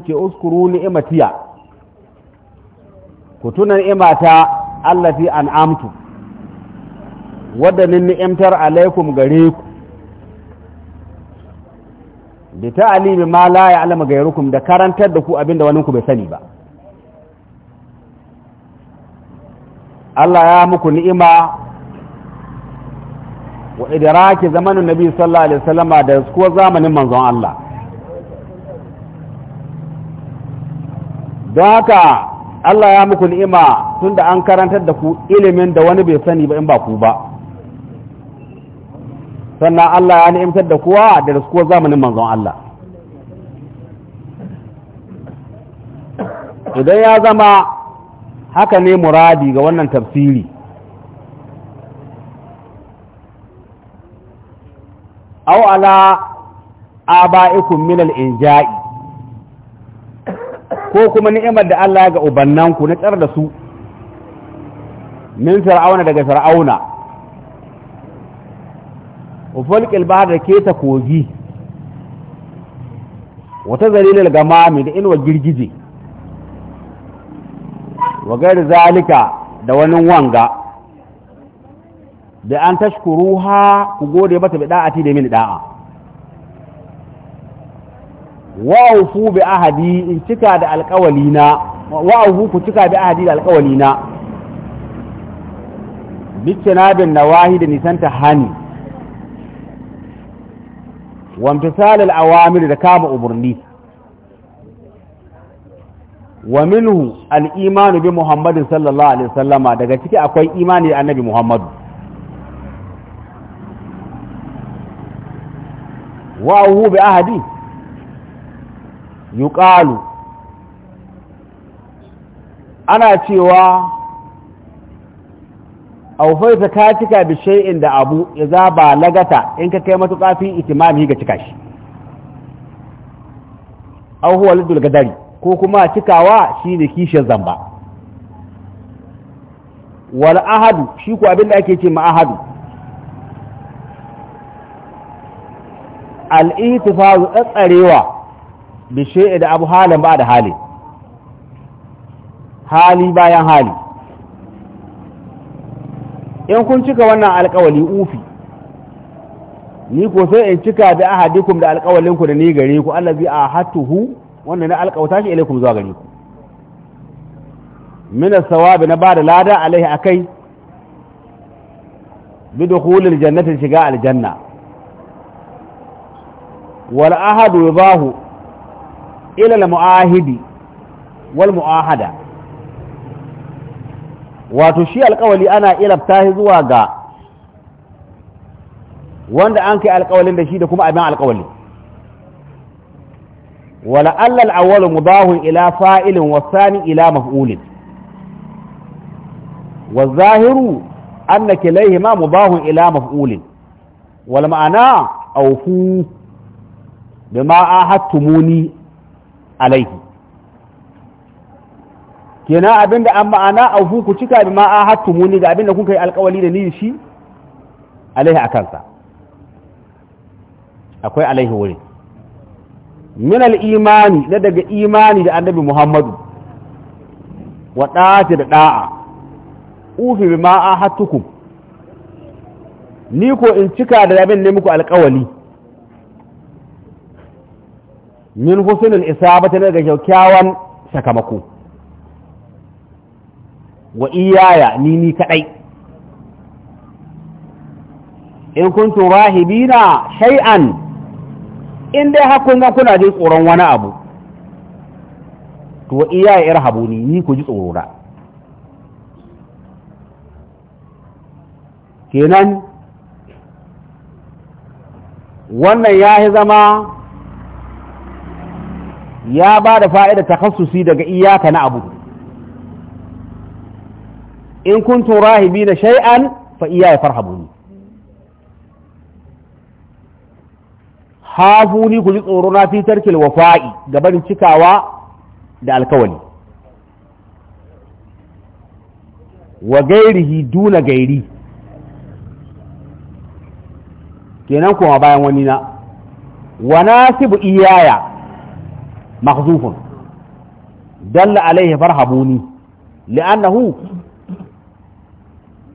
ce uskuru ni'matiya ku tuna ni'mata allati an'amtu wadda ni ni'imtar alaikum gare ku bi ta'limi ma la ya'lamu gairukum da karantar da ku abinda wani ku bai sani ba Allah ya muku ni'ima wa idraki zamanin Nabi sallallahu alaihi wasallama da kuwa zamanin manzon Allah don haka Allah ya muku ni'ima tun da an karantar da ku ilimin da wani bai sani ba in ba ku ba sannan Allah ya ni'imtar da kuwa da riskuwar zamanin manzon Allah idan ya zama haka ne muradi ga wannan tafsiri au ala aba'ikum min al-inja'i ko kuma ni'imar da Allah ya ga ubannanku na tsar da su min fir'auna daga fir'auna ufalqil bahr da keta kogi wata zalilal gamami da inwa girgije wa gairi zalika da wani wanga da an tashkuruha ku gode mata bi da'ati da min da'a wa'ufu bi ahadi in cika da alƙawalina wa'ufu ku cika bi ahadi da alkawali na? alƙawalina bikinabin nawahi da nisanta hani wa imtisal al-awamir da kama uburni wa minhu al-iman bi muhammadin sallallahu alaihi wasallama daga ciki akwai imani da annabi muhammadu wa'ufu bi ahadi yuqalu ana cewa aufaita ka cika bi shay'in da abu za ba lagata in ka kai matuƙa fi itimami ga cika shi aw huwa lidul gadari ko kuma cikawa shine kishin zamba wal ahadu shi ko abinda ake ce ma ahadu al ihtifaz tsarewa bishe da abu halin ba da hali hali bayan hali in kun cika wannan alkawali ufi ni ko sai in cika bi ahadikum da alkawalinku da ni gare ku allazi ahatuhu wannan na alkawta shi ilaikum zuwa gare ku min as-sawabi na bada lada alaihi akai bi dukhulil jannati shiga aljanna wal ahadu bahu. ila muahidi wal mu'ahada wato shi alƙawali ana ilabta shi zuwa ga wanda an kai alƙawalin da shi da kuma abin alƙawali wala allal awwalu mudahun ila fa'ilin wasani ila maf'ulin والظاهر أن كليهما مضاه إلى مفعول والمعنى أوفوا بما عاهدتموني alaihi kenan abinda an ma'ana a ku cika bi ma'a hattu muni ga abinda kuka yi alkawali da ni shi alaihi kansa akwai alaihi wuri min al-imani na daga imani da annabi Muhammadu wa da'ati da da'a ufi bi ma'a hattukum ni ko in cika da abin ne muku alkawali min husnul isabati daga kyakkyawan sakamako wa iyaya ni ni kadai in kuntum rahibina shay'an in dai hakun ga kuna jin tsoron wani abu to wa iyaya irhabuni ni ku ji tsoro da kenan wannan ya zama ya ba da fa'ida takhassusi daga iyaka na abu in kun shai'an, rahibina shay'an fa iyaya hafu hafuni ku ji tsoro na fitar tarkil ga barin cikawa da alkawali wa gairihi duna gairi kenan kuma bayan wani na wa nasibu iyaya mahzufun dalla alaihi farhabuni li'annahu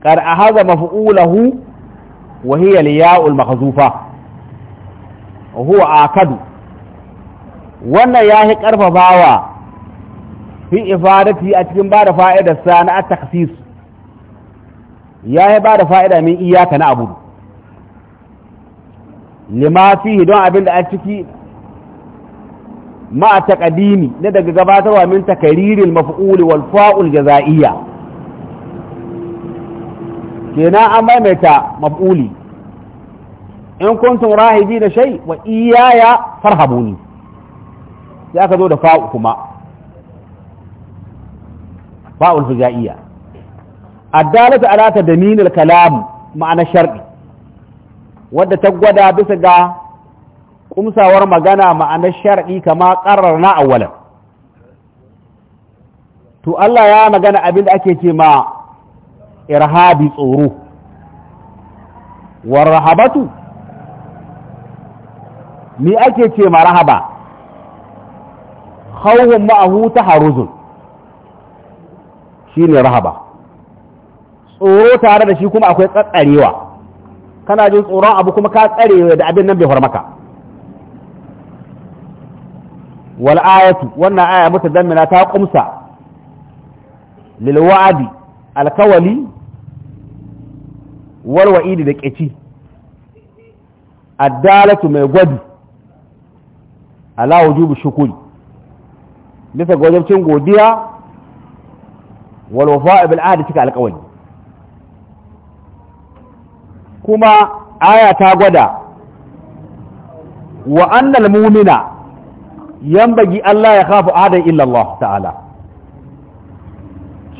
qad ahaza maf'ulahu wa hiya liya'u al-mahzufa huwa akadu wannan yahi karfafawa fi ifadati a cikin bada fa'idar sa na at-takhsis yahi bada fa'ida min iyyaka na abudu Limafi fihi don abinda a ciki Ma'a taqdimi na daga gabatarwa min takriril maf'ul fa'ul jazaiyya kenan an maimaita maf'uli in kuntum rahibi da shay wa iyaya farhabuni sai aka zo da fa'u kuma fa'ul fujaiyya addalatu ala ma'ana sharƙi. wadda ta gwada bisa ga kumsawar magana ma'anar shar'i kama ƙarar na awalan to Allah ya magana abin da ake ce ma irhabi tsoro war rahabatu mi ake ce ma rahaba khawhun ma'ahu taharuzun shine rahaba tsoro tare da shi kuma akwai tsatsarewa kana jin tsoron abu kuma ka tsarewa da abin nan bai maka. wal ayatu wannan aya mutadammina ta kumsa lil wa'di alkawali wal da kici addalatu mai gwadi ala jubu shukuri bisa gwajabcin godiya wal wafa'i bil cika alkawali kuma aya ta gwada wa'annan mu'mina yambagi Allah ya khafu adan illallah ta'ala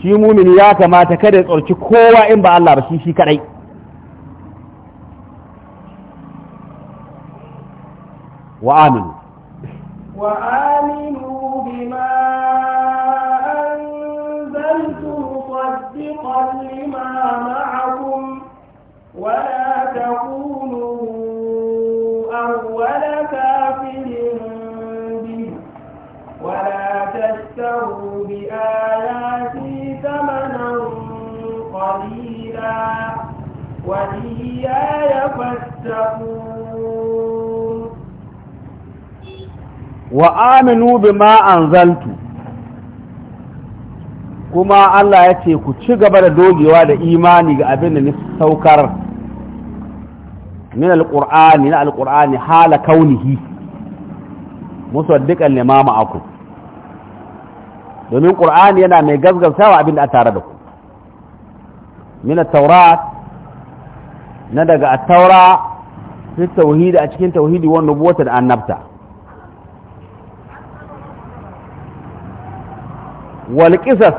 shi mumini ya kamata kada ya tsorci kowa in ba Allah ba shi shi kadai wa aminu wa aminu bima anzaltu musaddiqan lima ma'akum wa وإياي فاتقون وآمنوا بما أنزلت كما الله يأتي كتشيغ بردوغي وعلى إيماني أبن نفسوكر من القرآن من القرآن حال كونه مصدق أن ماما أكو domin qur'ani yana mai gaggauta wa abin da a tare da ku min at-taurat na daga attaura fi tauhidi a cikin tauhidi wa nubuwata da annabta wal qisas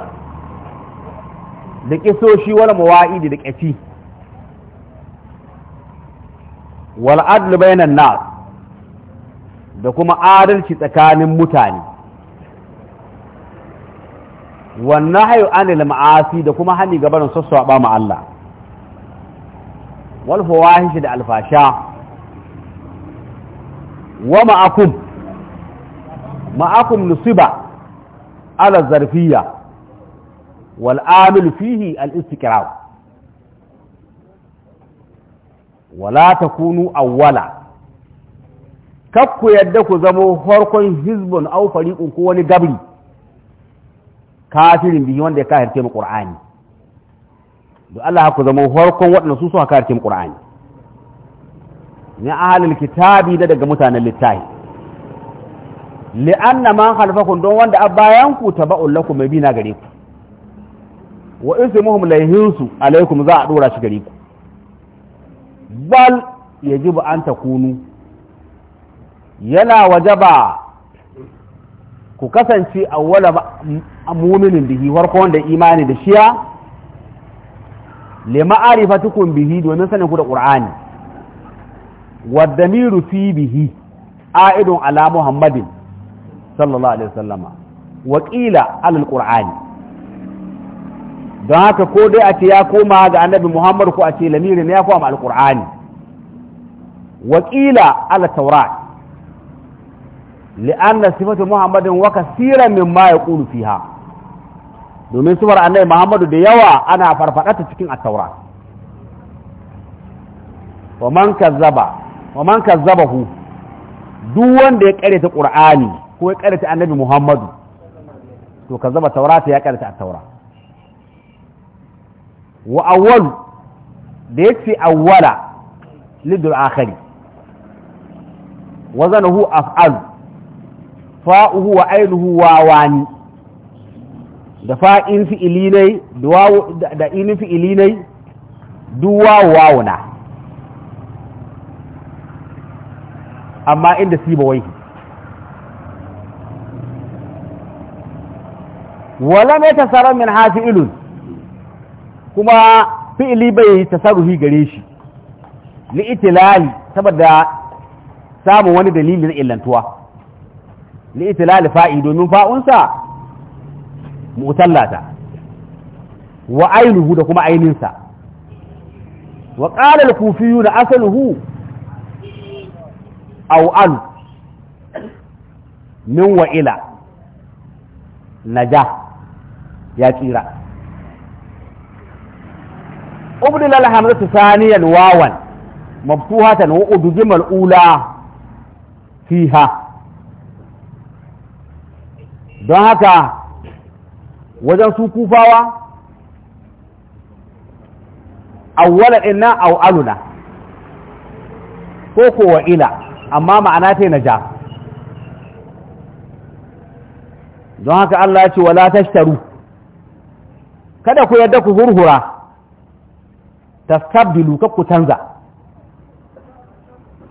da kisoshi wal mawa'idi da kafi wal adl bainan nas da kuma adalci tsakanin mutane wannan hayu anil ma'asi da kuma hani gabanin sassaɓa ma Allah wal fawahish da alfasha wa ma'akum ma'akum nusiba ala zarfiyya wal amil fihi al istiqrar wala takunu awwala kakku yadda ku zamo harkon hizbun au fariqun wani gabri kafirin bihi wanda ya kafirce mu qur'ani da Allah ku zama farkon waɗanda su suka karkin Qur'ani ne ahlul kitabi da daga mutanen littafi li'anna man khalfakum don wanda a bayan ku taba'ul lakum mai bina gare ku wa ismuhum layhinsu alaikum za a ɗora shi gare ku bal yajibu an takunu yana ba. ku kasance awwala mu'minin bihi farkon da imani da shiya tukun bihi domin sanin ku da kur'ani wadamiru fi bihi a'idun ala muhammadin sallallahu alaihi wasallama wa qila alal alqur'ani don haka ko dai a ce ya koma ga annabi muhammad ko a ce lamiri ne ya koma alqur'ani wa qila ala tawrat li'anna sifatu muhammadin wa kaseeran mimma yaqulu fiha domin suwar annai muhammadu da yawa ana farfadata cikin attaura wa man kazzaba wa man kazzabahu duk wanda ya karyata qur'ani ko ya karyata annabi muhammadu to kazzaba taurata ya karyata attaura wa awwal da yace awwala lidul akhari wazanuhu af'al fa'uhu wa ainuhu wani. da fa'in fi'ili ne da inin fi'ili duwa wawuna amma inda si ba wai wala mai tasarar min hafi ilun kuma fi'ili bai yi tasaruhi gare shi itilali saboda samun wani dalilin illantuwa itilali fa'i domin fa'unsa mutallata wa ainihu da kuma aininsa wa ƙarar kufiyu da au an min wa'ila naja ya tsira ubdil alhamdatu saniyan wawan mabtuhatan wa udjimal ula fiha don haka wajen su kufawa awwala inna aw aluna ko ko wa ila amma ma'ana ta naja don haka Allah ya ce wala tashtaru kada ku yadda ku hurhura tastabdilu ka ku canza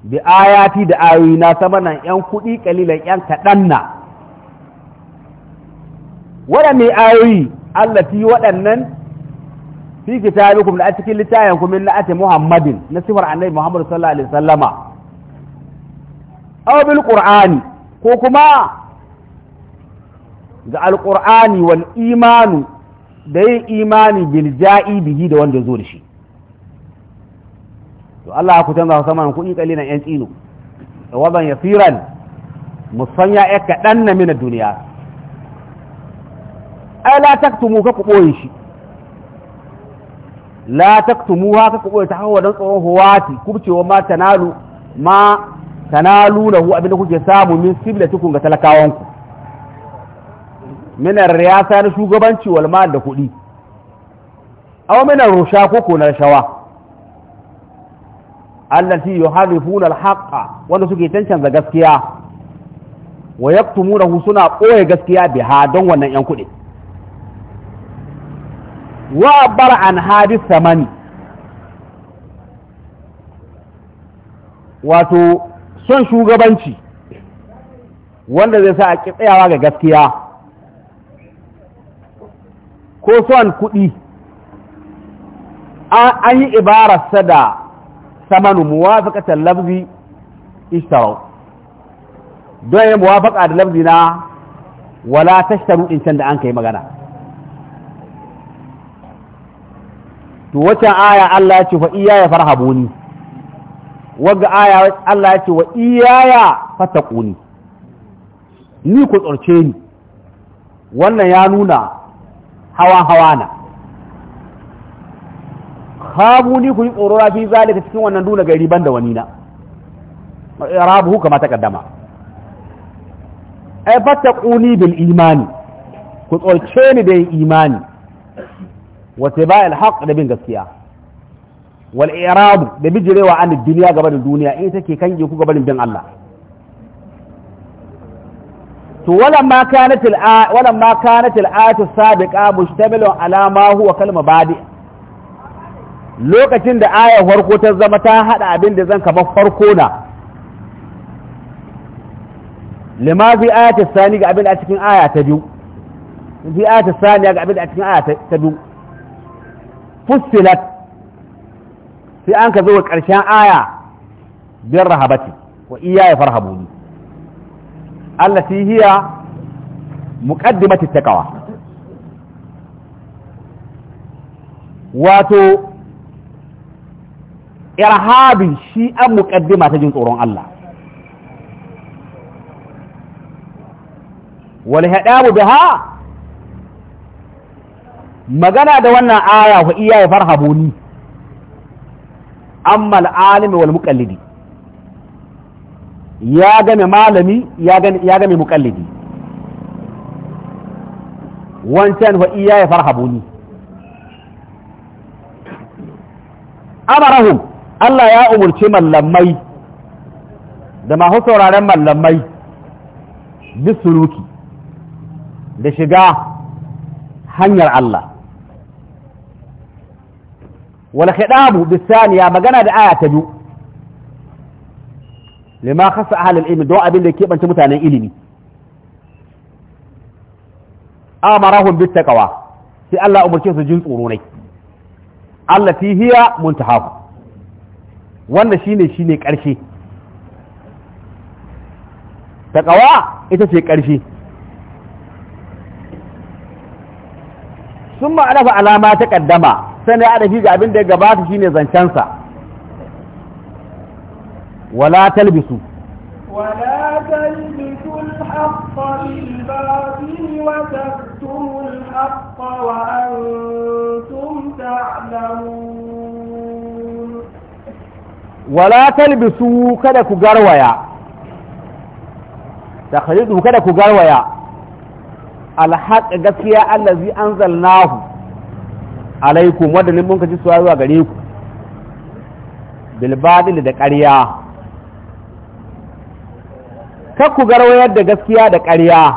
bi ayati da ayoyi na samanan yan kuɗi kalilan yan kaɗan na waɗanne ayoyi Allah allati waɗannan fi kitabikum da a cikin littafin kuma na ati muhammadin na sifar annabi muhammad sallallahu alaihi wasallama aw bil qur'ani ko kuma ga Alƙur'ani wal imanu da yin imani bil ja'i bihi da wanda zo da shi to Allah ku canza sama ku in kalilan yan tsino wadan yasiran musanya ya kadan na min duniya ai la taktumu ka ku boye shi la taktumu ha ka ku boye ta hawa dan tsoron huwati kubcewa ma tanalu ma tanalu hu abinda kuke samu min siblatikum ga talakawanku minar riyasa na shugabanci wal mal da kuɗi aw minar rusha ko ko na rashawa allati yuhadifuna al wanda suke tantance gaskiya wa yaktumuna suna ɓoye gaskiya biha don wannan yan kuɗi wa عن هذه الثمن wato son shugabanci wanda zai sa a tsayawa ga gaskiya ko son kuɗi an yi ibararsa da samanu muwafaƙatar labzi, ishtarau don yi muwafaƙa da labzi na wala tashtaru in can da an yi magana to wata aya Allah ya ce fa iyaya farhabuni wagga aya Allah ya ce wa iya iyaya fatakuni ni ku tsorce ni wannan ya nuna hawa hawa na habu ni ku yi tsoro rafi zalika cikin wannan nuna gari ban da wani na rabu kama ta kaddama ai fatakuni bil imani ku tsorce ni da imani واتباع الحق لبين قسيا والإعراض ببجريوا عن الدنيا قبل الدنيا إن تكي كان يكو قبل بين الله ولما كانت الآية ولما كانت الآية السابقة مشتملة على ما هو كلمة بادئ lokacin da aya farko ta zama ta hada abin da zan kamar farko na lima fi ayatul sani ga abin da a cikin aya ta biyu fi ayatul sani ga abin da a cikin aya ta biyu fussilat sai an ka zo ƙarshen aya bin rahabati wa iyaye farhabuni allati hiya muqaddimatu taqwa wato irhabi shi an muqaddima ta jin tsoron Allah wal hadabu biha magana da wannan aya fa iyaye farhabuni amma al'alimi wal muƙallidi ya game malami ya game muƙallidi wancan fa iyaye farhabuni amarahum Allah ya umurci mallamai da masu sauraren mallamai duk suruki da shiga hanyar Allah wal khitabu bisaniya magana da aya ta biyu lima khassa ahlul ilmi don abin da ke banta mutanen ilimi amarahum bit taqwa sai Allah umurce su jin tsoro ne allati hiya muntahaku wanda shine shine karshe taqwa ita ce karshe summa alafa alama ta ƙaddama. sani a dafi ga abin da ya gabata shine zancensa wala talbisu ولا تلبسوا الحق بالباطل وتكتموا الحق وأنتم تعلمون ولا تلبسوا كذا كغرويا تخليده كذا كغرويا الحق قسيا الذي أنزلناه alaikum wadda mun ka ji suwa zuwa gare ku bilbadil da ƙarya kar ku garwayar da gaskiya da ƙarya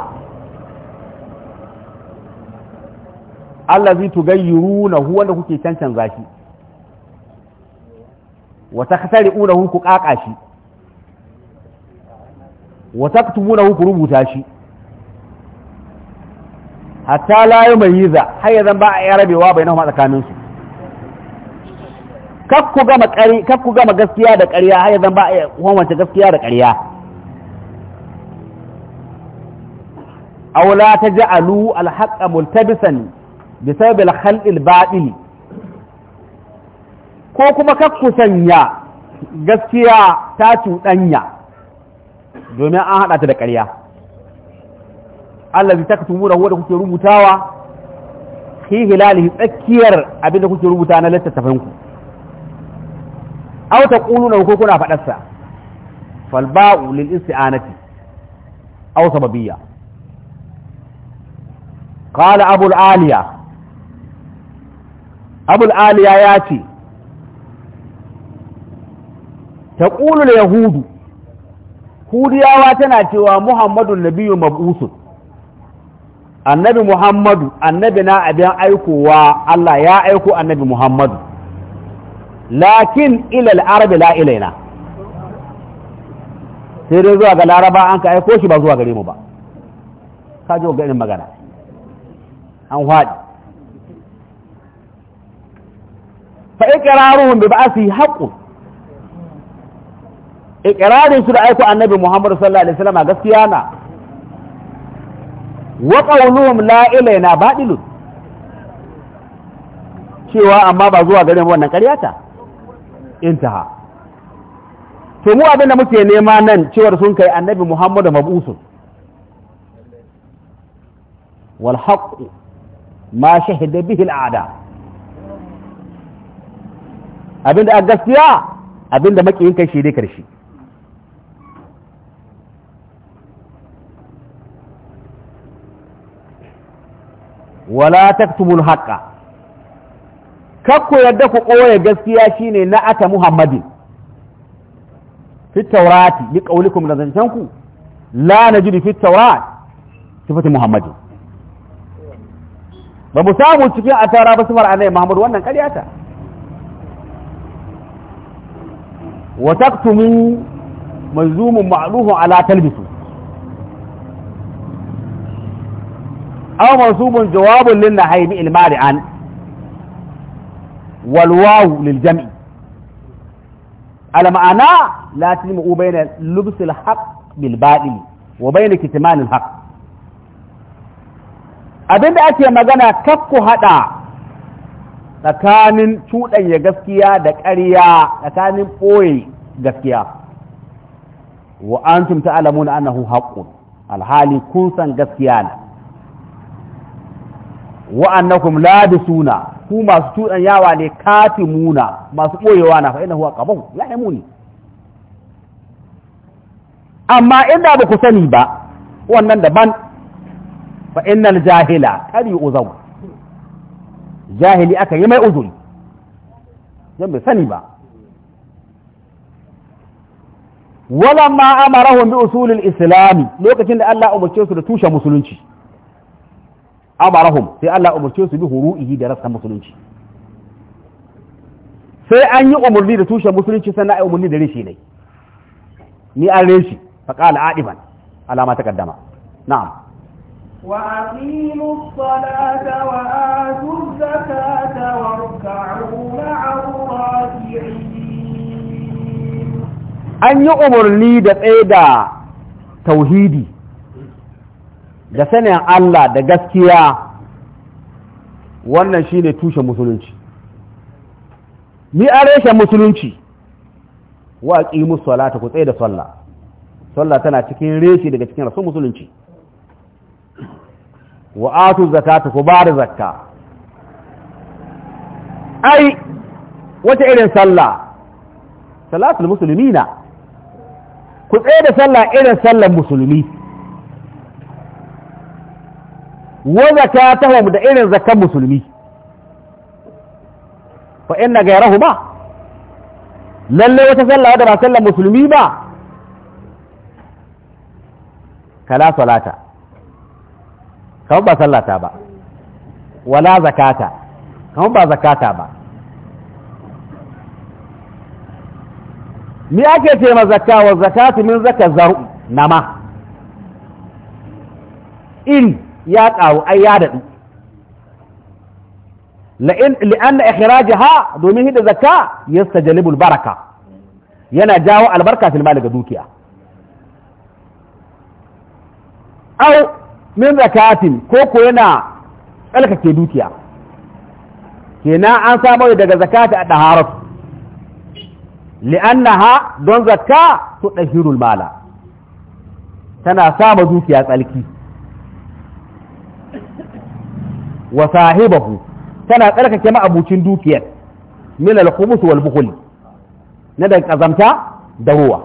Allah zai tugayyuru na hu wanda kuke cancan zaki wata kasari una ku ƙaƙa shi wata ku rubuta shi hatta la yumayyiza har ya zan ba a yarabewa bainahuma tsakanin su kakku gama kari kakku gama gaskiya da ƙarya har ya zan ba a wanwance gaskiya da ƙarya aw ta ji alu alhaƙa multabisan bi sabab al-khalq ko kuma kakku sanya gaskiya ta cuɗanya domin an haɗa ta da ƙarya allazi taktumuna huwa da kuke rubutawa fi hilalihi tsakiyar abin da kuke rubuta na littattafan ku aw taquluna ko kuna fadar sa fal ba'u lil isti'anati aw sababiyya qala abul aliya abul aliya ya ce taqulu al yahudu hudiyawa tana cewa muhammadun nabiyyu mab'usun annabi muhammadu annabi na abin aikowa Allah ya aiko annabi muhammadu lakin ilal arabi la ilaina sai dai zuwa ga laraba an ka aiko shi ba zuwa gare mu ba ka ji ganin magana an haɗi fa iqraruhum bi ba'si haqqun iqrarin su da aiko annabi muhammadu sallallahu alaihi wasallam gaskiya na wa qawluhum la ilaina cewa amma ba zuwa gare mu wannan ƙarya ta intaha to mu abinda muke nema nan cewar sun kai annabi Muhammadu mabusun wal haqq ma shahida bihi al'ada abinda a gaskiya abinda makiyin kai shi dai karshe wala taktumul haqqa kakku yadda ku koya gaskiya shine na ata muhammadin fi taurati bi qaulikum da zancen ku la najidu fi taurat sifati muhammadin ba mu samu cikin asara ba sifar annabi muhammad wannan ƙaryata wa taktumu mazlumun ma'luhu ala talbisu أو منصوب جواب للنهي بالمال عن والواو للجمع على معنى لا تجمع بين لبس الحق بالباطل وبين كتمان الحق abinda ake magana kakku hada tsakanin cuɗanya gaskiya da ƙarya tsakanin ɓoye gaskiya wa an tumta alamuna annahu haƙƙun alhali kun san gaskiya na wa'annakum suna, ku masu tudan yawa ne katimuna masu boyewa na fa innahu aqabahu la yamuni amma inda ba ku sani ba wannan daban fa innal jahila kari uzaw jahili aka yi mai uzuri dan bai sani ba walamma amarahum bi usulil islami lokacin da Allah umarce su da tushen musulunci amarahum sai Allah umurce su bi huru'ihi da rasa musulunci sai an yi umarni da tushen musulunci sannan ai umarni da rishi ne ni an rishi fa qala adiban alama ta kaddama na'am wa aqimu as-salata wa atu az-zakata warka'u ma'a an yi umarni da tsaye da tauhidi da sanin Allah da gaskiya wannan shi ne tushen musulunci ni a reshen musulunci wa musu salata ku tsaye da sallah sallah tana cikin reshe daga cikin rasu musulunci wa atu zakata ku da zakka ai wata irin sallah salatul na ku tsaye da sallah irin sallar musulmi wa zakatahum da irin zakan musulmi fa inna gairahu ba lalle wata sallah da ba sallar musulmi ba kala salata kamar ba sallata ba wala zakata kamar ba zakata ba ni ake ce ma zakka wa zakatu min zaka zaru nama iri ya ƙaru ai ya daɗu li'anna ha domin hidda zakka yastajlibul baraka yana jawo albarka fil mali ga dukiya au min zakatin ko ko yana tsalkake dukiya kenan an samu daga zakati a daharatu ha don zakka tudahirul mala tana sama dukiya tsalki wa sahibahu tana tsarkake ma'abucin dukiyar min al-khubus wal bukhl na da kazamta da ruwa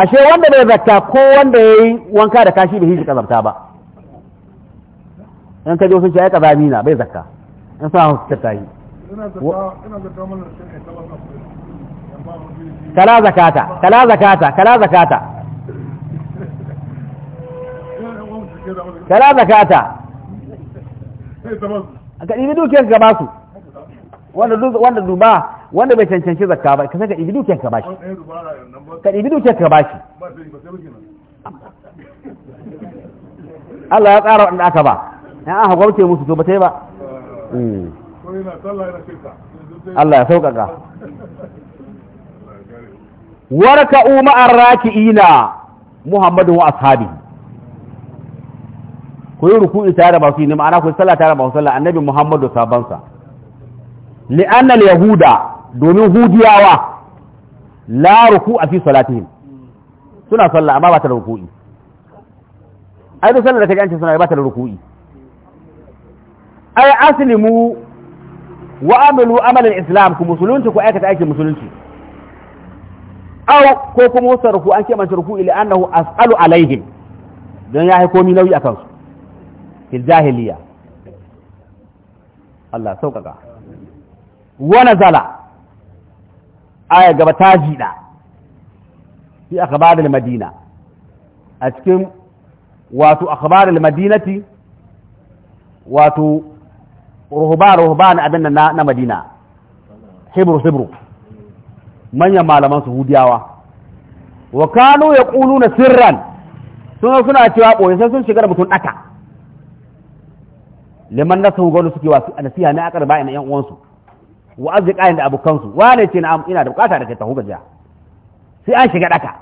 ashe wanda bai zakka ko wanda yayi wanka da kashi bai yi kazamta ba in kaje sun ce ai kazami na bai zakka in sa hukunta tayi kala zakata kala zakata kala zakata kala zakata ka ɗibi dukiyar ka ba su wanda duba wanda bai cancanci zakka ba ka sai ka ɗibi dukiyar ka ba shi ka ɗibi dukiyar ka ba shi Allah ya tsara wanda aka ba ya an hagwamce musu to ba ta yi ba eh. mm. Allah ya sauƙaƙa warka umar raki'ina Muhammadu wa ashabihi ku yi ruku'i tare ba su yi ma'ana ku sallah tare ba su sallah annabi muhammadu sabansa li'anna yahuda domin hudiyawa la ruku'a fi salatihim suna sallah amma ba ta da ruku'i ai da sallah da kaji an ce suna ba ta da ruku'i ai aslimu wa amilu amalan islam ku musulunci ku aikata aikin musulunci au ko kuma wasu ruku an kemanta ruku ruku'i annahu as'alu alaihim don ya haiko mi nauyi akan su fil jahiliya Allah sauƙaƙa Wani zala a aya gaba ta jida fi akhbar al madina a cikin wato akhbar al madinati wato ruhban ruhban abin da na madina hibru hibru manyan malaman suhudiyawa wa kanu na sirran sun suna cewa ɓoye sai sun shiga da mutum ɗaka. liman na san wanda suke wasu nasiha na akar bayan yan uwansu wa azziqain da abukansu wane ce na ina da bukata da ke tahu gajiya sai an shiga daka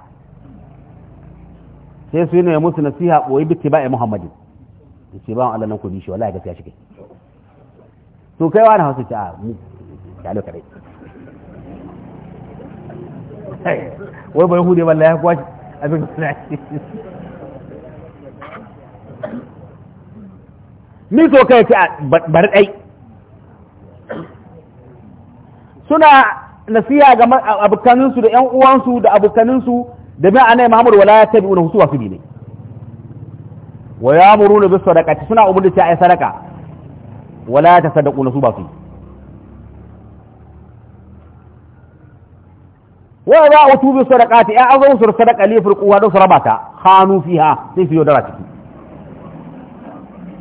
sai su yi musu nasiha boye bitti ba muhammadin ce ba Allah nan ku bi shi wallahi gaskiya shi to kai wani hausa ta mu ya kare wai bai hude wallahi ya kwashi abin da min so kai ce ah, bar dai suna nasiya ga su da ƴan uwansu da abokaninsu da bi anai Muhammad wala ya tabi'una su wasu bi ne wa ya'muruna bis sadaqati suna umurni ta ai sadaqa wala ya tasaddaquna su ba su wa ra'utu bis sadaqati azu sur sadaqa li furqu wa dusrabata khanu fiha sai su yodara ciki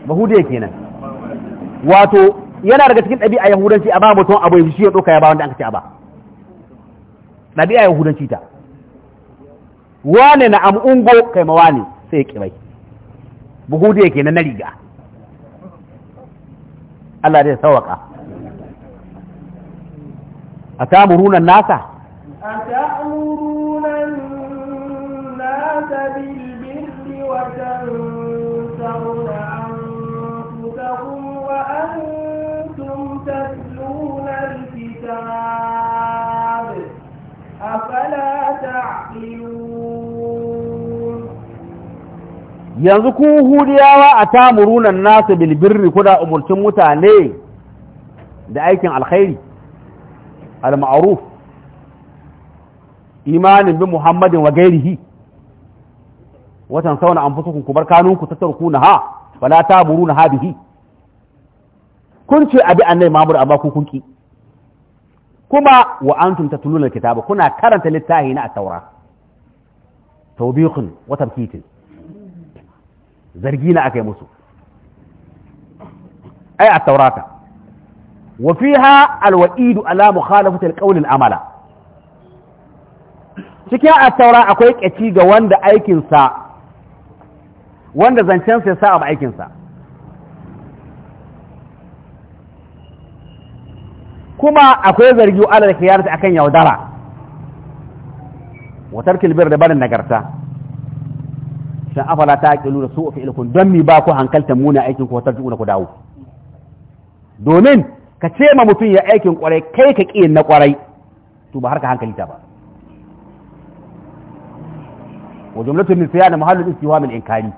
bahude kenan wato yana daga cikin ɗabi'a yahudanci a ba mutum abu shi ya ɗauka ya ba wanda an ce a ba ɗabi'a yahudanci ta wane na amungo kai ma wane sai ya kibai buhude kenan na riga Allah zai sawaka runan nasa yanzu ku hudiyawa a tamurunan nasu bilbirri kuna umurcin mutane da aikin alkhairi alma'aruf, imanin bi muhammadin wa gairihi watan sauna anfusukum kubar kanunku na ha wala tamuruna ha bihi kun ce abi annai mamur amma ku kunki kuma wa antum tatluna kitaba kuna karanta littafi na at-taura tawbiqun wa tamkitin zargi na aka yi musu ai a taurata wa alwa'idu ala mukhalafati alqawl amala. cikin at-taura akwai kaci ga wanda aikin sa wanda zancen sa sa ba aikin sa kuma akwai zargi ala al akan yaudara wa tarkil bir da barin nagarta shin afala ta aqilu da su'u fi'ilkum don mi ba ku hankalta muna aikin ku na ku dawo domin ka ce ma mutum ya aikin kwarai kai ka ƙi na kwarai to ba har ka hankali ta ba wa jumlatul nisyan mahallu istiwam al-inkari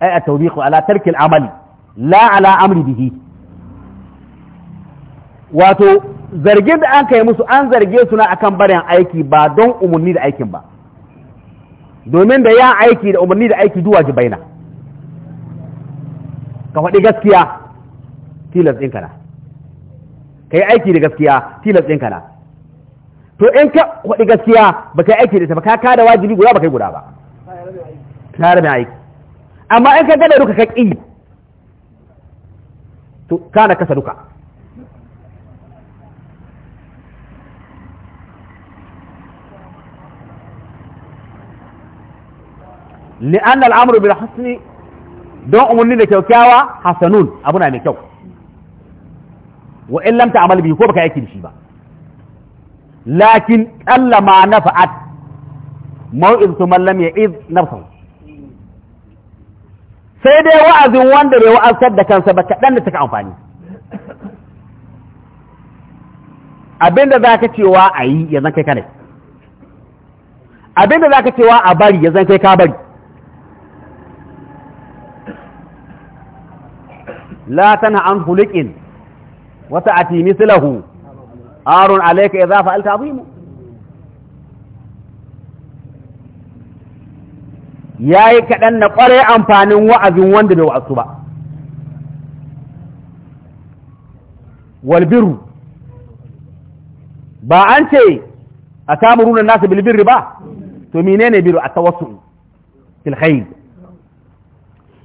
ay at-tawbiq ala tarki al-amal la ala amri bihi wato zargin da an kai musu an zarge suna akan barin aiki ba don umarni da aikin ba domin da ya aiki da umarni da aiki duwa baina ka faɗi gaskiya tilas ɗin kana ka yi aiki da gaskiya tilas ɗin kana to in ka faɗi gaskiya ba ka yi aiki da ta ba ka kada wajibi guda ba kai guda ba tare rabin aiki amma in ka gada duka ka ƙi to kana kasa duka li'an al'amuru bil hasni don umarni da kyaukyawa hasanun abu na mai kyau wa in lam ta'mal bihi ko baka yake da shi ba lakin qalla ma nafa'at mau'izatu man lam ya'iz nafsahu sai dai wa'azin wanda bai wa'azar da kansa ba kaɗan da take amfani abinda za ka cewa a yi ya zan kai kanai abinda za ka cewa a bari ya zan kai ka bari la tana an hulukin wata ati mislahu arun alayka idza fa'alta azimu yayi kaɗan na kware amfanin wa'azin wanda bai wa'azu ba wal birru ba an ce a tamuruna nasu bil ba to menene a tawassu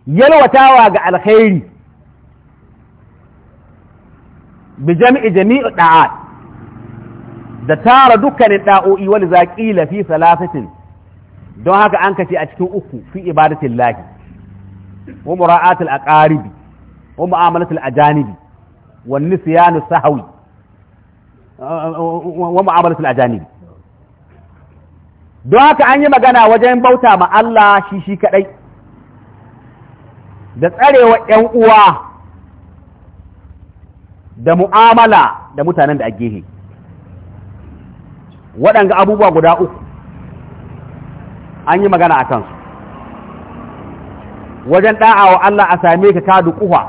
yalwatawa ga alkhairi bi jami'i jami'i da'at da tara dukkanin da'o'i wani zaƙi fi salasatin don haka an kace a cikin uku fi ibadatin lahi wa mura'atul aqaribi wa mu'amalatul ajanibi wa nisyanu sahawi wa mu'amalatul ajanibi don haka an yi magana wajen bauta ma Allah shi shi kadai da tsarewa ƴan uwa da mu'amala da mutanen da a gehe waɗanga abubuwa guda uku an yi magana a kansu wajen ɗa'a wa Allah a same ka ka duƙuwa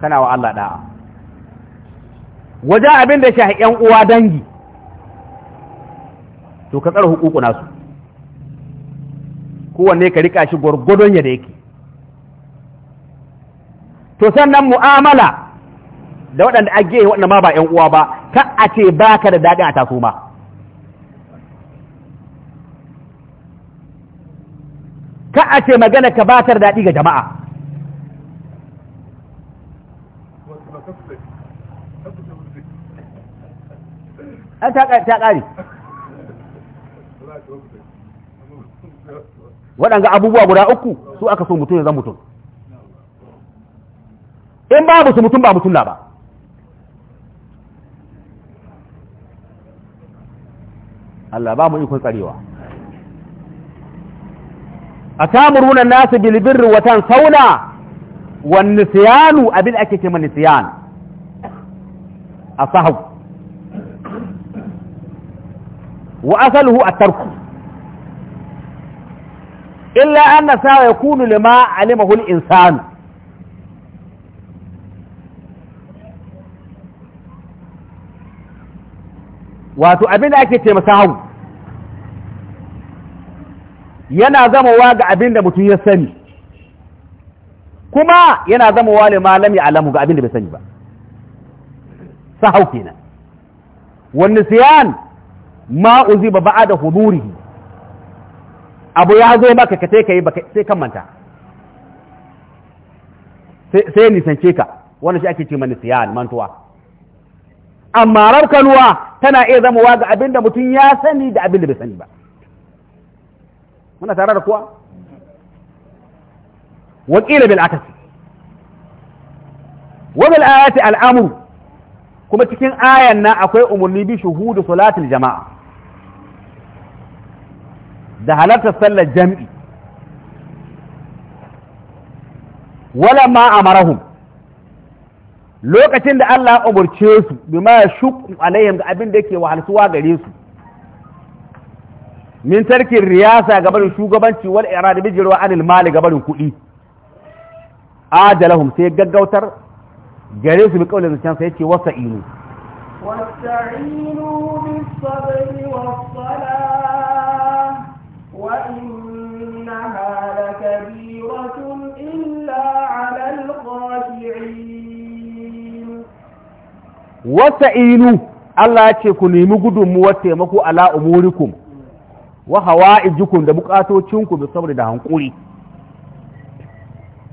kana wa Allah ɗa'a wajen abin da shi ‘yan uwa dangi to ka tsara hukuku nasu kowanne ka riƙa shi gwargwadon ya da yake to sannan mu'amala da waɗanda a gehe waɗanda ma ba ‘yan uwa ba ka a ce ba ka da daɗin a taso ma ka a ce magana ka ba ka da daɗi ga jama'a an ta ƙari waɗanga abubuwa guda uku su aka so mutum ya zan mutum in babu su mutum ba mutum na ba Allah ba mu ikon tsarewa A atamuruna nasu bil birri wa tansawna wan nisyanu abin ake cewa A sahau. wa asaluhu at-tarku illa anna sa yakunu lima alimahu al-insanu wato abin da ake ce masa sahau. yana zamawa ga abin da mutum ya sani kuma yana zamawa ne malami alamu ga abin da bai sani ba sahau kenan wani siyan ma uzi ba ba'a da huduri abu ya zo maka ka sai ka yi sai kan manta sai nisance ka wannan shi ake ce mani siyan mantuwa amma rarkanuwa tana iya zamawa ga abin da mutum ya sani da abin da bai sani ba muna tare da kuwa wakila bil akasi wa bil ayati al amru kuma cikin ayan nan akwai umurni bi shuhudu salatil jama'a da halartar sallar jam'i wala ma amarahum lokacin da Allah umurce su bima shuq alaihim ga abin da yake wahalsuwa gare su min tarkin riyasa ga barin shugabanci wal iradi bi jirwa anil mali ga barin kuɗi adalahum sai gaggautar gare su bi kaulin zancen sai ce wasa inu wasta'inu bis-sabri was-salah wa innaha lakabiratun illa 'alal khashi'in wasta'inu Allah ya ce ku nemi gudunmuwar taimako ala umurikum wa ijikun da bukatocinku da saboda da hankuri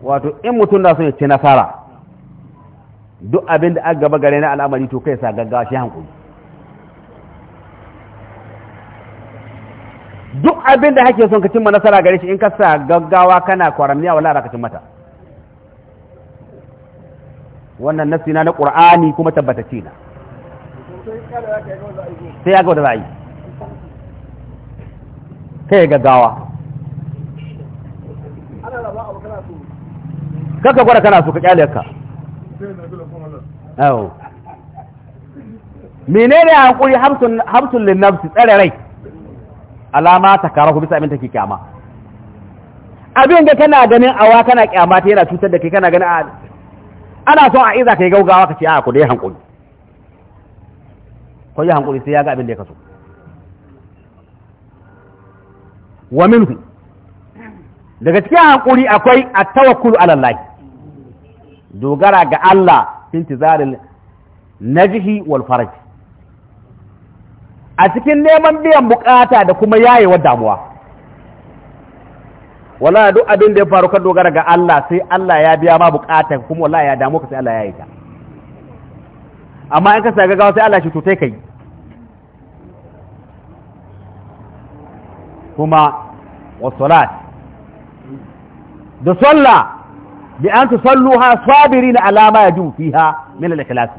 wato in mutum na son ya nasara duk abin da aka gaba gare na al'amari to kai sa gaggawa shi hankuri duk abin da hake son ka cimma nasara gare shi in ka sa gaggawa kana kwaramniya wala ka mata wannan nasina na qur'ani kuma ce na sai ya ga wanda za a yi yi gaggawa kaka gwada kana so ka kyale ka awo menene hankuri hamsin hamsun lin tsere rai alama ta karahu bisa abin take kyama abin da kana ganin awa kana kyama ta yana cutar da ke, kana ganin ana so a iza kai gaugawa ka ce a ku ya hankuri ko yi hankuri sai ya ga abin da ya kaso wa minhu daga cikin hankuri akwai a tawakkul ala Allah dogara ga Allah intizaril najhi wal faraj a cikin neman biyan bukata da kuma yayewar damuwa wala duk abin da ya faru ka dogara ga Allah sai Allah ya biya ma bukata kuma wala ya damu ka sai Allah ya yi ta amma in ka ga gawa sai Allah shi to sai kai kuma والصلاة da sallah bi an tusalluha sabirin alama ya yajum fiha min al-ikhlas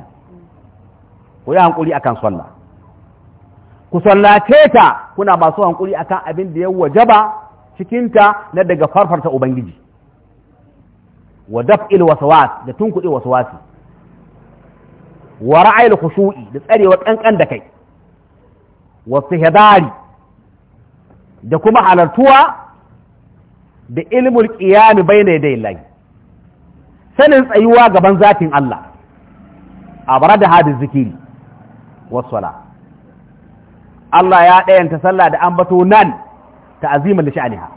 ku yi hankuri akan sallah ku sallace ta kuna masu hankuri akan abin da ya wajaba cikin ta na daga farfarta ubangiji wa daf'il waswas da tun tunkuɗe waswasi wa ra'ayil khushu'i da tsarewa kankan da kai wa sihdari da kuma halartuwa da ilmul qiyam bayna yaday Allah sanin tsayuwa gaban zatin Allah a bara da hadis zikiri Allah ya ɗayanta sallah da ambato nan ta'aziman da sha'aniha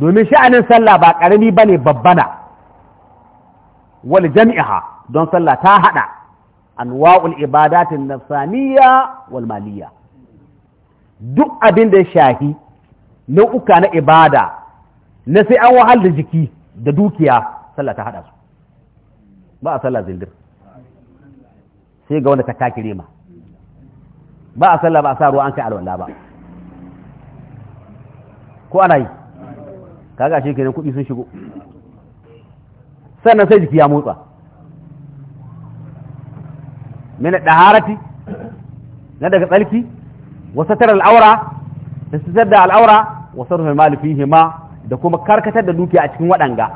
domin sha'anin sallah ba ƙarami bane babbana wal jami'a don sallah ta haɗa anwa'ul ibadatin nafsaniyya wal maliyya duk abin da ya shafi nau'uka na ibada na sai an wahal da jiki da dukiya sallah ta hada su ba a sallah zindir sai ga wanda ta takire ma ba a sallah ba a sa ruwa an kai alwala ba ko ana yi kaga shi kenan kuɗi sun shigo sannan sai jiki ya motsa mina daharati na daga tsarki wasatar al'aura da sitar da al'aura wasarhu mali da kuma karkatar da dukiya a cikin waɗanga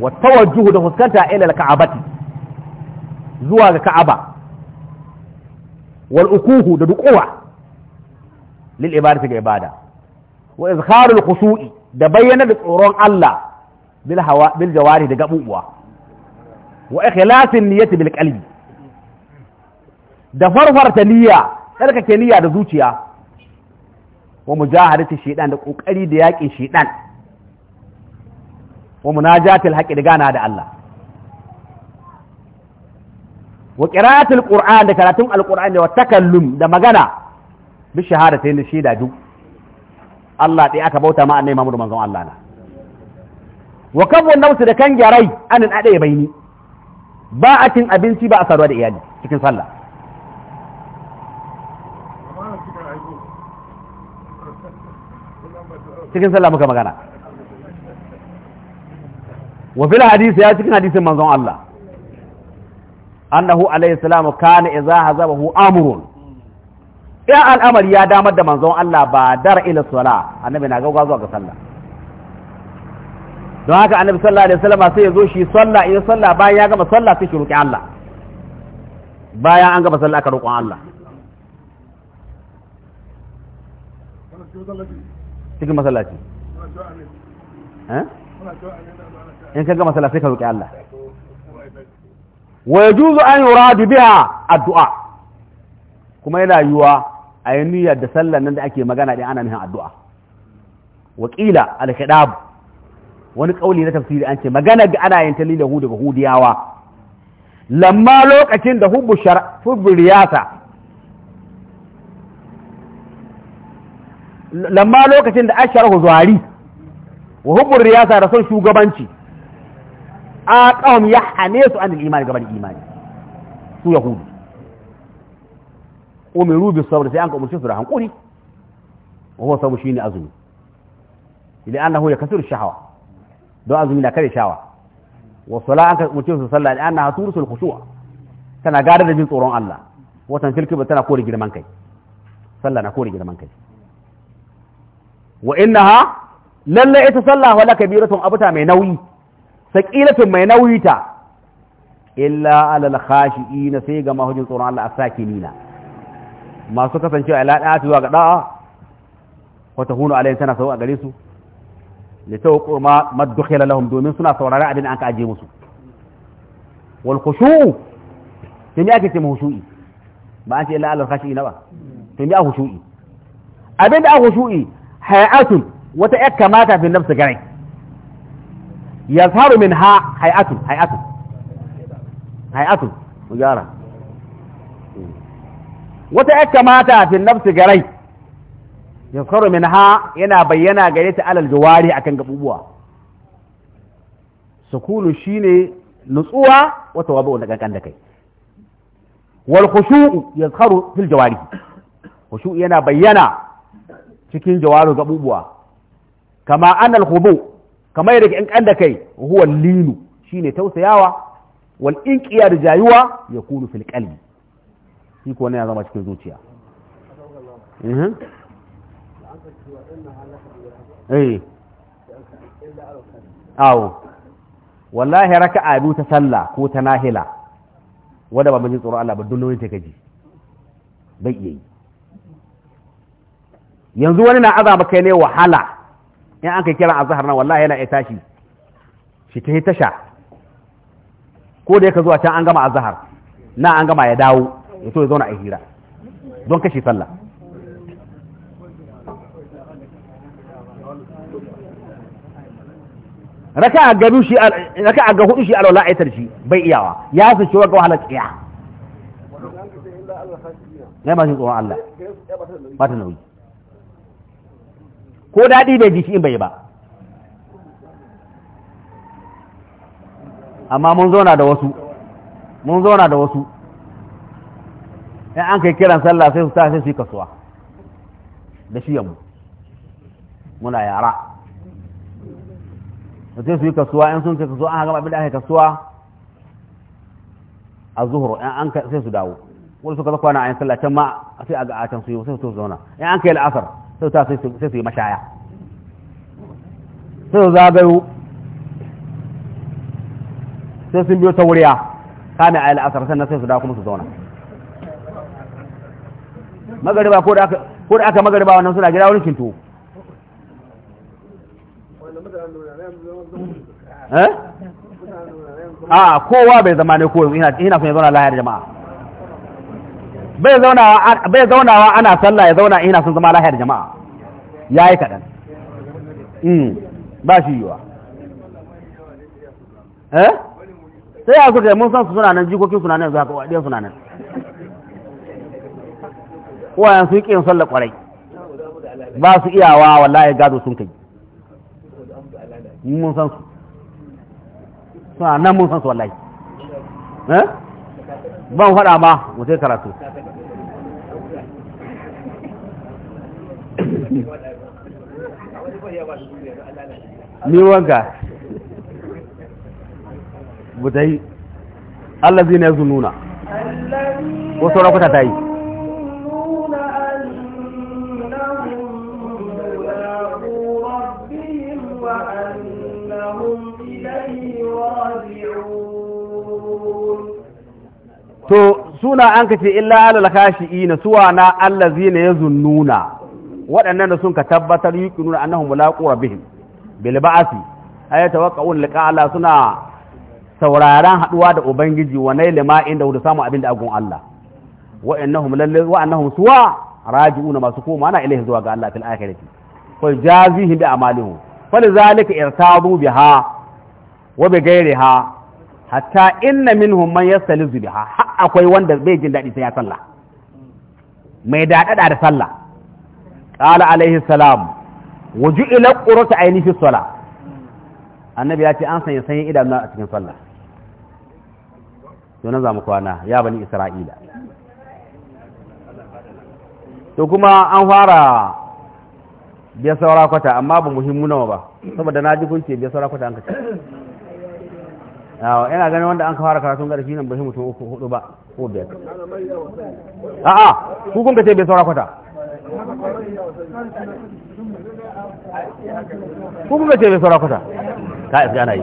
wa tawajjuhu da fuskanta ila al-ka'abati zuwa ga ka'aba wal ukuhu da duquwa lil ibadati ga ibada wa izharul khushu'i da bayyana da tsoron Allah bil hawa bil jawari da gabuwa wa ikhlasin niyyati bil qalbi da farfarta niyya tsarkake niyya da zuciya wa mujahadati shaytan da kokari da yakin shaytan wa munajatil haqqi da gana da Allah wa qira'atul qur'an da karatun alqur'ani wa takallum da magana bi shahadatayn shida duk Allah dai aka bauta ma annabi Muhammad manzon Allah na wa kabwan nausu da kan gyarai anin adaye baini ba a cin abinci ba a sarwa da iyali cikin sallah cikin sallah muka magana wa fil hadisi ya cikin hadisin manzon Allah annahu alayhi salamu kana idza hazabahu amrun ya al'amari ya damar da manzon Allah ba dar ila sala annabi na gaggawa zuwa ga sallah don haka annabi sallallahu alaihi wasallam sai ya zo shi sallah in sallah bayan ya gama sallah sai shi roki Allah bayan an gama sallah aka roƙon Allah cikin masallaci eh? in ka ga masallaci ka roƙi Allah wa yajuzu an yuradu biha addu'a kuma yana yiwuwa a yi da sallar nan da ake magana din ana nihin addu'a wakila al shadab wani kauli na tafsiri an ce magana ga ana yin talilahu yahudu hudiyawa lamma lokacin da hubbu hubbu lamma lokacin da asharahu zuwari wa hubbur riyasa da son shugabanci a ƙahum ya hane su an imani gaban imani su yahudu umiru bi sabr sai an ka umurce su da hankuri wa huwa sabr shine azumi ila annahu yakasuru shahawa don azumi na kare shawa wa sala an ka umurce su sallah anna hasurusul khushu'a tana gadar da jin tsoron Allah watan tilki tana kore girman kai sallah na kore girman kai wa ha? lalle ita sallah wala kabiratun abuta mai nauyi saqilatun mai nauyi ta illa alal khashiina sai ga mahujin tsoron Allah asakinina masu kasancewa ala da'ati wa ga da'a wa tahunu alayhi sana a gare su li tawqu ma madkhila lahum domin suna saurara abin an ka aje musu wal khushu' tun ake ce hushu'i ba an ce illa alal khashiina ba tun ya hushu'i abin da hushu'i hay'atun wata ƴar kamata fi nafsu ya faru min ha hay'atun hay'atun hay'atun mujara wata ƴar kamata fi nafsu gare faru min ha yana bayyana gare ta alal jawari akan gabubuwa sukunu ne nutsuwa wata wabu da kankan da kai wal khushu faru fil jawari khushu yana bayyana cikin jawaru gabubuwa kama anal hubu kama yadda ke ƙan da kai huwa lilu shine tausayawa wal inqiya da jayuwa ya kunu fil qalbi shi ko ne ya zama cikin zuciya mhm. eh eh awo wallahi raka'a biyu ta sallah ko ta nahila wanda ba mun ji tsoron Allah ba dole ne ta gaji bai yi yanzu wani na azaba kai ne wahala in an kai kiran azahar na wallahi yana ya tashi shi ta tasha ko da yake zuwa can an gama azahar na an gama ya dawo ya so ya zauna a hira don kashe sallah raka a gabu shi raka a ga hudu shi alwala aitar shi bai iyawa ya su shi waka wahala tsiya ne ma shi tsohon Allah ba ta nauyi ko daɗi bai shi in bai ba amma mun zauna da wasu mun zauna da wasu in an kai kiran sallah sai su ta sai su yi kasuwa da shi yamu muna yara da sai su yi kasuwa in sun kai kasuwa an gama bida da aka kasuwa a zuhur in an sai su dawo wani suka zakwana a yin sallah can ma sai a ga a can su yi sai su zauna in an kai la'asar sai ta sai su yi mashaya sai su zagayo sai sun biyo ta wuriya kame a al'asar sannan sai su da kuma su zauna magariba ko da aka magariba wannan suna gida wurin kintu eh? a kowa bai zama ne koyo ina kun ya zauna lahiyar jama'a bai zaunawa ana sallah ya zauna ina sun zama lahiyar jama'a ya yi kaɗan hmm, ba shi yiwa eh sai ya kuka mun san su suna nan jikokin suna nan zaka waɗe suna nan wayan su yin sallar kwarai ba su iyawa wallahi gado sun kai mun san su suna nan mun san su wallahi eh ban faɗa ma mu karatu ni wanka budai allazi ne zununa ko sauran kuta ta yi to suna an kace illa alal kashi ina suwa na allazi ne ya zunnuna waɗannan da sun ka tabbatar yi yuqinuna annahum mulaqu rabbihim bil ba'thi ay waka liqa Allah suna sauraron haduwa da ubangiji wa nail ma inda da samu abin da agun Allah wa innahum lalle wa annahum suwa raji'una masu koma na ilaihi zuwa ga Allah fil akhirati fa jazihim bi amalihim falzalika irtadu biha wa bi ghairiha hatta inna minhum man yastalizu biha akwai wanda bai jin dadi sai ya sallah mai dadada da sallah ƙala alaihi salam waju ila ƙurata ainihi sola annabi ya ce an sanya sanyin idanuna a cikin sallah to nan za mu kwana ya bani isra'ila to kuma an fara biya saura kwata amma ba muhimmu nawa ba saboda na ji kunce biya saura kwata an kace yawa yana ganin wanda an fara karatun ƙarfi nan ba shi mutum uku hudu ba ko biyar a'a ku kun kace biya saura kwata ko kuka ce bai saura kusa ta isa ana yi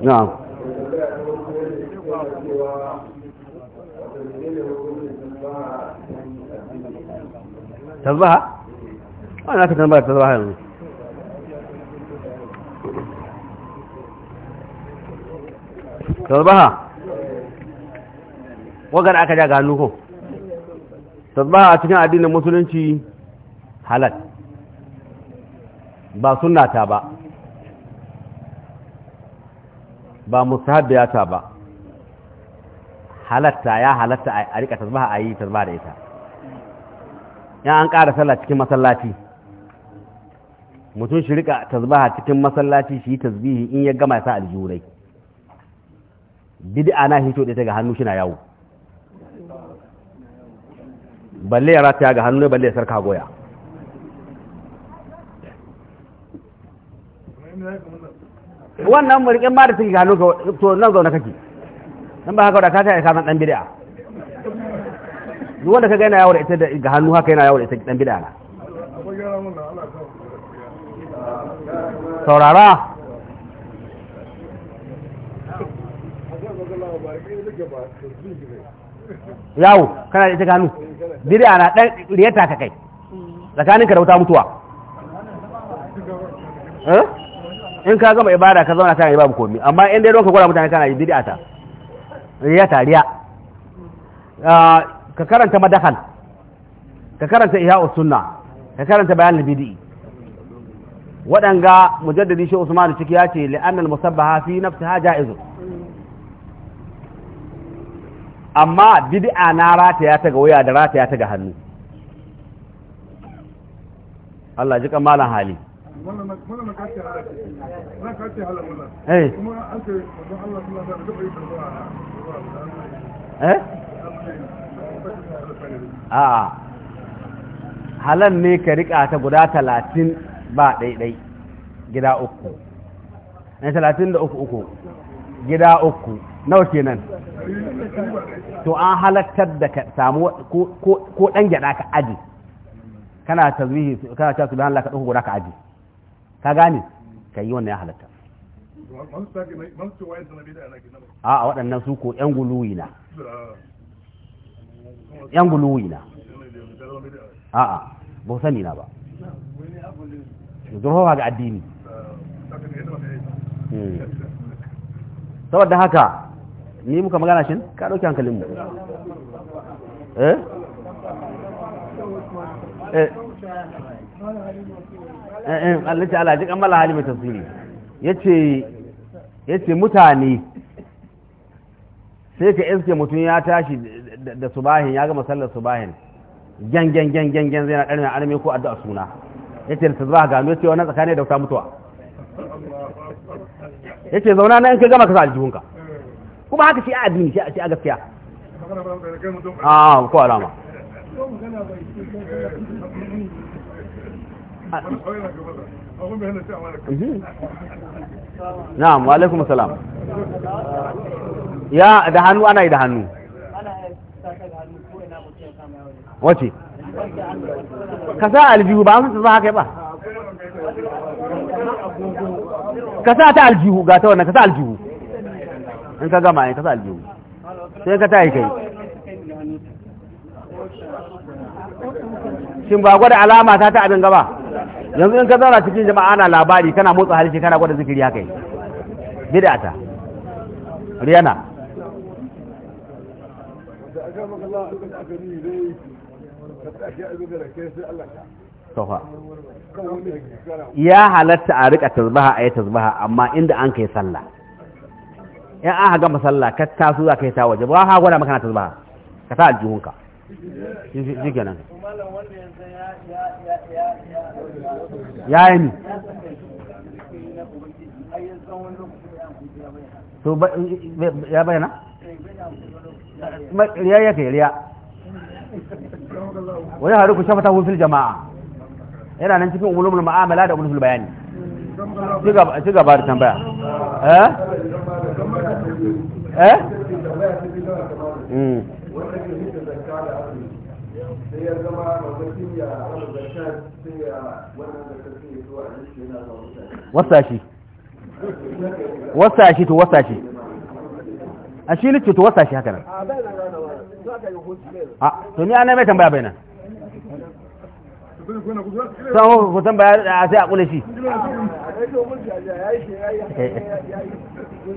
na'am ana ka tambaya yanzu tasbaha wagar aka ja gano ko tasbaha a cikin addinin musulunci halal ba ta ba ba ta ba halatta ya halatta a rika tasbaha a yi tasbaha da ita ya an ƙara sallah cikin masallaci mutum shi rika tasbaha cikin masallaci shi yi tasbihi in ya gama sa aljurai bid'a na hito da ta ga hannu shi na yawo balle ya rataya ga hannu balle ya sarka goya wannan murkin ma da suke ga hannu to nan zaune kake nan ba haka da ka ta ka san dan bid'a duk wanda ka ga yana yawo da ita ga hannu haka yana yawo da ita dan bid'a na saurara yawo kana da ita gano diri ana dan riyata ka kai tsakaninka da wuta mutuwa eh? in ka gama ibada ka zauna kana yi babu komi amma in dai don ka gwada mutane kana yi bid'a ta riyata riya ah, ka karanta madakal ka karanta ihya sunna ka karanta bayan bid'i waɗanga mujaddadi shi usman ciki ya ce li'an al-musabbaha fi ha ja'izu amma bid'a na rataya ta ga waya da rataya ta ga hannu Allah ji kamalan hali eh, eh? halan ne ka rika ta guda talatin ba ɗaiɗai gida uku na talatin da uku uku gida uku nawa kenan to an halattar da ka samu ko ɗan gyaɗa ka aji kana tazwihi kana cewa subhan Allah ka dauko guda ka aji ka gane ka yi wannan ya halatta a a waɗannan su ko yan guluwi na yan guluwi na a a ba sani na ba zurfafa ga addini hmm. saboda haka ni muka magana shi ka ɗauki hankalinmu eh eh eh, eh Allah ta'ala hali mai tafsiri yace mutane sai ka iske mutum ya tashi da subahin ya gama sallar subahin gyan gyan gyan gyan zai na a arme ko addu'a suna yace ta zuwa gano cewa wannan tsakani da wuta mutuwa yace zauna nan in ka gama ka sa aljihunka kuma haka shi a addini shi a shi a gaskiya a ko alama na'am wa alaikum salam ya da hannu ana yi da hannu wace ka sa aljihu ba amsa za haka ba ka sa ta aljihu ga ta wannan ka sa aljihu in ka gama ne ka sa aljihu sai ka yi kai shin ba gwada alama ta ta abin gaba yanzu in ka zara cikin jama'a ana labari kana motsa halishe kana gwada zikiri haka yi ta riyana ya halatta a rika tasbaha a yi tasbaha amma inda an kai sallah in an haga masalla ka taso za ka yi ta waje ba ha gwada makana na tasbaha ka ta aljihunka shi nan ya yi ni to ya bayana ya yake riya wani haru ku shafata hu fil jama'a yana nan cikin ulumul mu'amala da ulumul bayani ci gaba da tambaya eh eh hmm. wasa wasa shi to wasa shi a shi to wasa shi haka nan a to ni ana mai tambaya bai nan san ku tambaya a sai a kula shi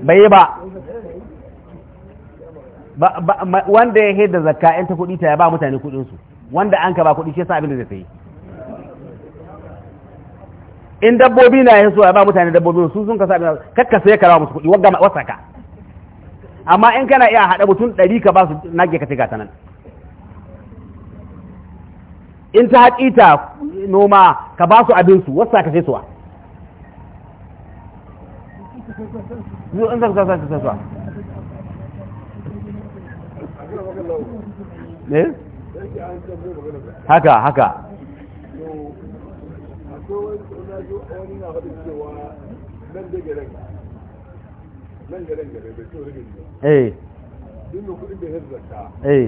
bai yi ba wanda ya hedda zakka yan ta kuɗi ta ya ba mutane kuɗinsu wanda an ka ba kuɗi shi yasa abin da zai yi in dabbobi na ya suwa ya ba mutane dabbobi su sun sa abin da kakka sai ka kara musu kuɗi wasa ka amma in kana iya haɗa mutum ɗari ka ba su nage ka tiga ta nan in ta haƙi ta noma ka ba su abinsu wasu ka sai suwa su eh? haka haka nan da nan da nan bai to rigin ba eh duk mai kuɗin da ya zaka eh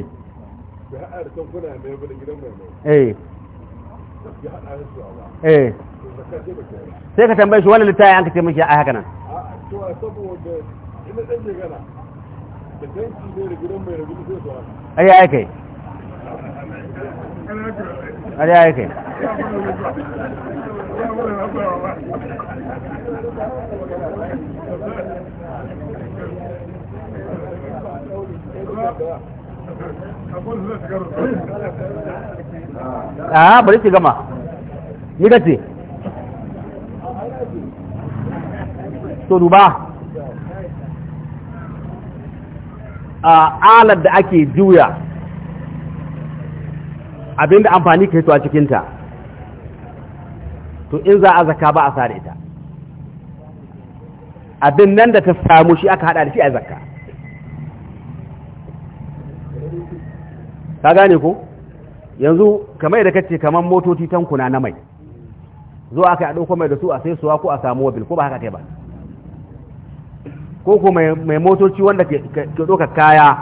bai haɗa da tankuna mai bada gidan mai mai eh ya haɗa da su a ba eh sai ka tambaye shi wani littafi an ka taimaki a haka nan a cewa saboda ina ɗan jigana da tanki ne da gidan mai rabu sai su haka ai ai kai ai ai kai Thank you. Aha bari ki gama ni ka to duba a alar da ake juya abinda amfani ka to a cikinta to in za a zaka ba a sare ta, abin nan da ta samu shi aka haɗa da shi a zakka ka gane ko yanzu kamar yadda kace kamar motoci tankuna na mai zuwa aka a ɗauko mai da su a sai suwa ko a samu wabil ko ba haka kai ba ko kuma mai motoci wanda ke ɗauka kaya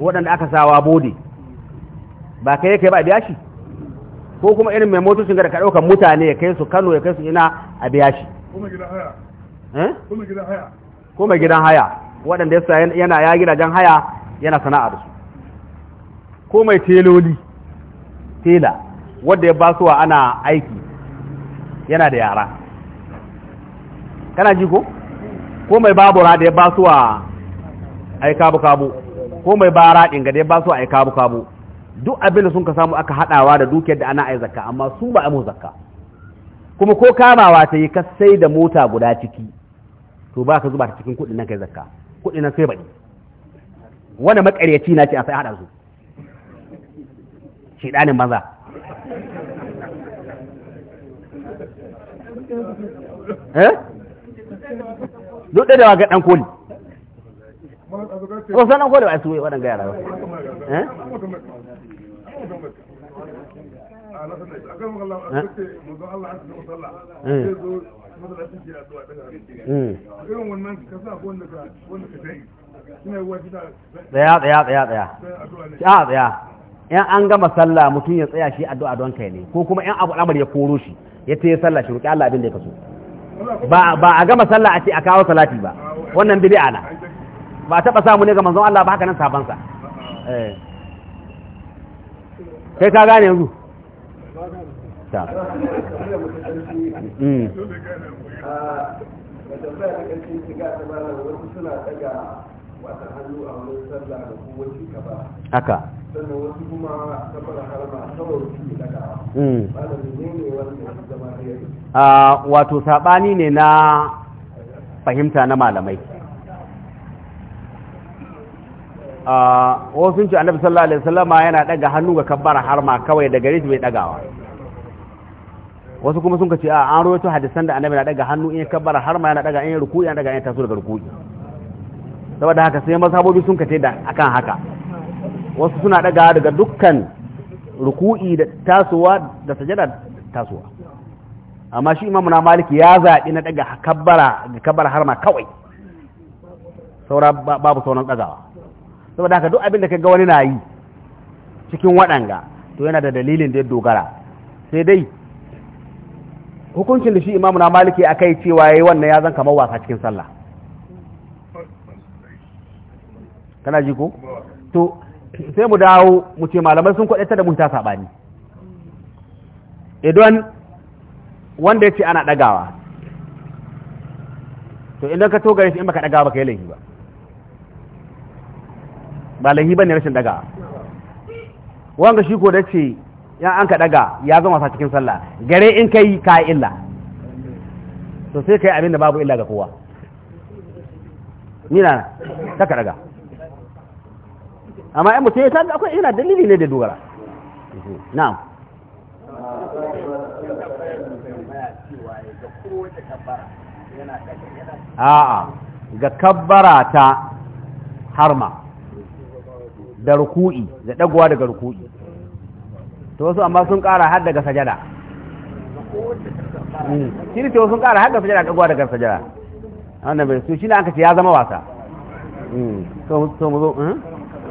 waɗanda aka sawa bodi ba kai kai ba biya shi ko kuma irin mai motocin da ka ɗaukar mutane ya kai su kano ya kai su ina a biya shi ko mai gidan haya eh? waɗanda ya yana ya gidajen haya yana sana'a da su ko mai teloli tela wadda ya basuwa ana aiki yana da yara kana ji ko ko mai babura da ya basuwa ai kabu kabu ko mai bara dinga da ya basuwa ai kabu kabu duk abin da sun ka samu aka hadawa da dukiyar da ana ai zakka amma su ba amu zakka kuma ko kamawa ta yi ka sai da mota guda ciki to ba ka zuba ta cikin kudin nan kai zakka kudin nan sai baɗi wani makaryaci na ce a sai hada su shaidanin maza eh duk da wa ɗan koli ko sanan koli ba su wai waɗanda ga yara ba eh tsaya tsaya tsaya tsaya tsaya in an gama sallah mutum ya tsaya shi addu'a don kai ne ko kuma in abu al'amar ya koro shi ya ce sallah shi roki Allah abin da ya kaso ba ba a gama sallah a ce a kawo salati ba wannan bid'a na ba a taba samu ne ga manzon Allah ba haka nan saban sa eh. kai ka gane yanzu ta hmm. haka sannan wasu kuma kawai su daga hmm. ah, wato saɓani ne na fahimta na malamai ah, wasu ce annabi sallallahu alaihi wasallama yana daga hannu ga kabbar harma kawai daga gare shi bai dagawa wasu kuma sun ce a ah, an rawaito hadisan da annabi na daga hannu in kabbar harma yana daga in ruku'i yana daga in taso daga ruku'i saboda haka sai mazhabobi sun kace da akan haka wasu suna daga daga dukkan ruku'i da tasowa da sajada tasowa amma shi imamu na maliki ya zaɓi na daga kabbara ga kabbara harma kawai saura babu sauran dagawa saboda haka duk abin da ka ga wani na yi cikin waɗanga to yana da dalilin da ya dogara sai dai hukuncin da shi imamu na maliki a kai cewa ya yi wannan ya zan kamar wasa cikin sallah kana ji ko to sai mu dawo mu ce malamai sun kwaɗe ta da mun ta saɓani idan wanda ya ce ana ɗagawa to idan ka to gare shi in baka ɗagawa baka yi laifi ba ba laifi ba ne rashin ɗagawa wanga shi ko da ce yan an ka ɗaga ya zama wasa cikin sallah gare in ka yi ka illa to sai ka yi abin da babu illa ga kowa ni na ta ka ɗaga amma in mutum ya ta akwai yana dalili ne da dogara na'am a'a ga kabbara ta harma da ruku'i da dagowa daga ruku'i to wasu amma sun kara har daga sajada hmm. shi ne sun kara har daga sajada dagowa daga sajada wannan bai su shi ne aka ce ya zama wasa hmm. to mu zo hmm?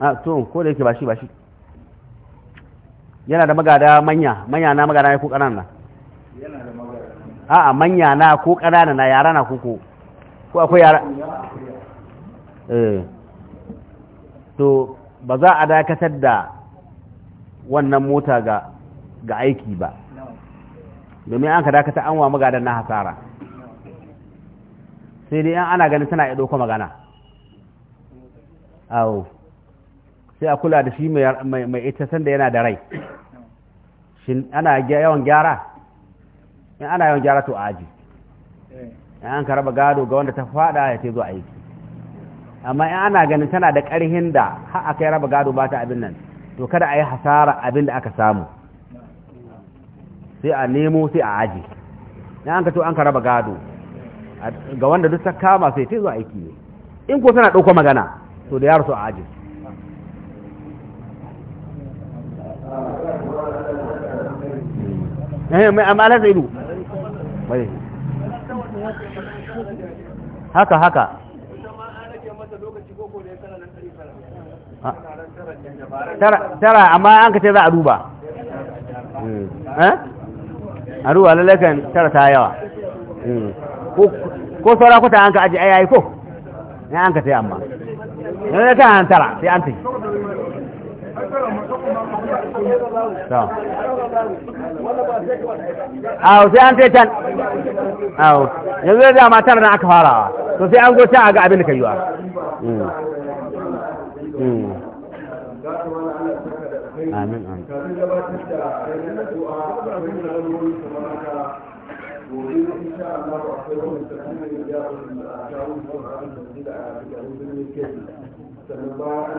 a ko da yake ba shi ba shi yana da magada manya manya na magada ko ƙanana a'a manya na ko ƙanana na yara na koko ko akwai yara eh to ba za a dakatar da wannan mota ga ga aiki ba domin an ka dakata an wa magadan na hasara sai dai an ana ganin tana iya ɗauka magana awo sai a kula da shi mai ita sanda yana da rai shin ana yawan gyara in ana yawan gyara to aji eh. in an karaba raba gado ga wanda ta fada ya ce zo aiki amma in ana ganin tana da ƙarhin da har aka yi raba gado ba ta abin nan to kada a yi hasara abin da aka samu sai a nemo sai a aji in an ka to an ka raba gado ga wanda duk ta kama sai ta zo aiki ne in ko tana ɗauko magana to da ya rasu a ajin eh mai amala zai du haka haka tara amma an ka ce za a duba eh? Eh? a duba lalakan tara ta yawa eh. ko saura kwata an ka aji ayayi ko ya an ka ce amma ne ta an tara sai an tafi awo sai an taitan awo yanzu da matar nan aka farawa to sai an zo a ga abin da ka yiwa hmm. hmm. amin amin ba